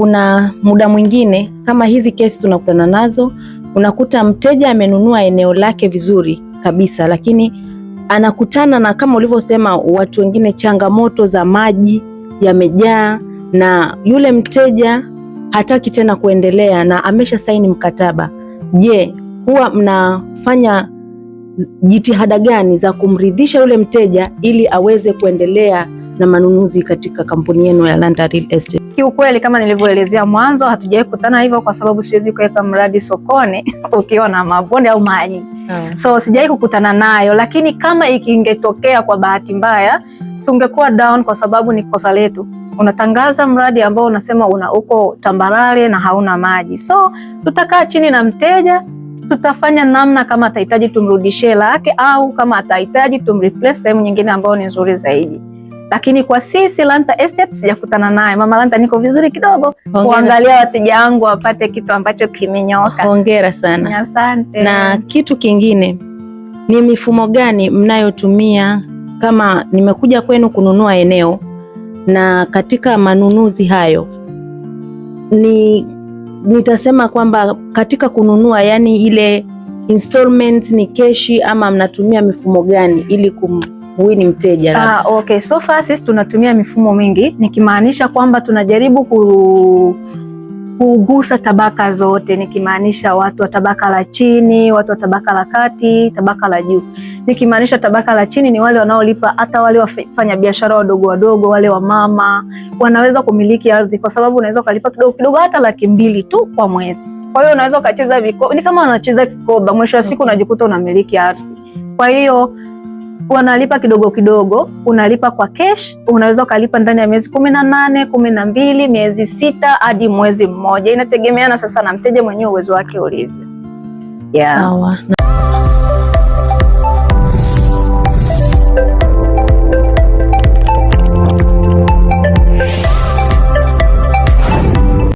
kuna muda mwingine kama hizi kesi tunakutana nazo, unakuta mteja amenunua eneo lake vizuri kabisa, lakini anakutana na kama ulivyosema, watu wengine, changamoto za maji yamejaa, na yule mteja hataki tena kuendelea na amesha saini mkataba. Je, huwa mnafanya jitihada gani za kumridhisha yule mteja ili aweze kuendelea na manunuzi katika kampuni yenu ya Landa Real Estate. Kiukweli, kama nilivyoelezea mwanzo, hatujawahi kukutana hivyo kwa sababu siwezi kuweka mradi sokoni ukiwa na mabonde au maji, so sijawahi kukutana nayo, lakini kama ikingetokea kwa bahati mbaya tungekuwa down kwa sababu ni kosa letu. Unatangaza mradi ambao unasema una uko tambarare na hauna maji, so tutakaa chini na mteja tutafanya namna, kama atahitaji tumrudishie lake, au kama atahitaji tumreplace sehemu nyingine ambayo ni nzuri zaidi lakini kwa sisi Lanta Estate sijakutana naye. Mama Lanta, niko vizuri kidogo kuangalia wateja wangu wapate kitu ambacho kimenyoka. Hongera sana. Asante. Na kitu kingine ni mifumo gani mnayotumia kama nimekuja kwenu kununua eneo na katika manunuzi hayo ni nitasema kwamba katika kununua, yani ile installment ni keshi ama mnatumia mifumo gani ili kum Huyu ni mteja labda. Ah, okay. So far sisi tunatumia mifumo mingi nikimaanisha kwamba tunajaribu ku kugusa tabaka zote, nikimaanisha watu wa tabaka la chini, watu wa tabaka la kati, tabaka la juu. Nikimaanisha tabaka la chini ni wale wanaolipa, hata wale wafanya biashara wadogo wadogo, wale wamama wanaweza kumiliki ardhi, kwa sababu unaweza ukalipa kidogo kidogo, hata laki mbili tu kwa mwezi. Kwa hiyo unaweza ukacheza viko, ni kama unacheza kikoba mwisho wa siku unajikuta unamiliki ardhi. Kwa hiyo wanalipa kidogo kidogo, unalipa kwa cash, unaweza ukalipa ndani ya miezi kumi na nane kumi na mbili miezi sita hadi mwezi mmoja, inategemeana sasa na mteja mwenyewe uwezo wake ulivyo. Yeah. Sawa.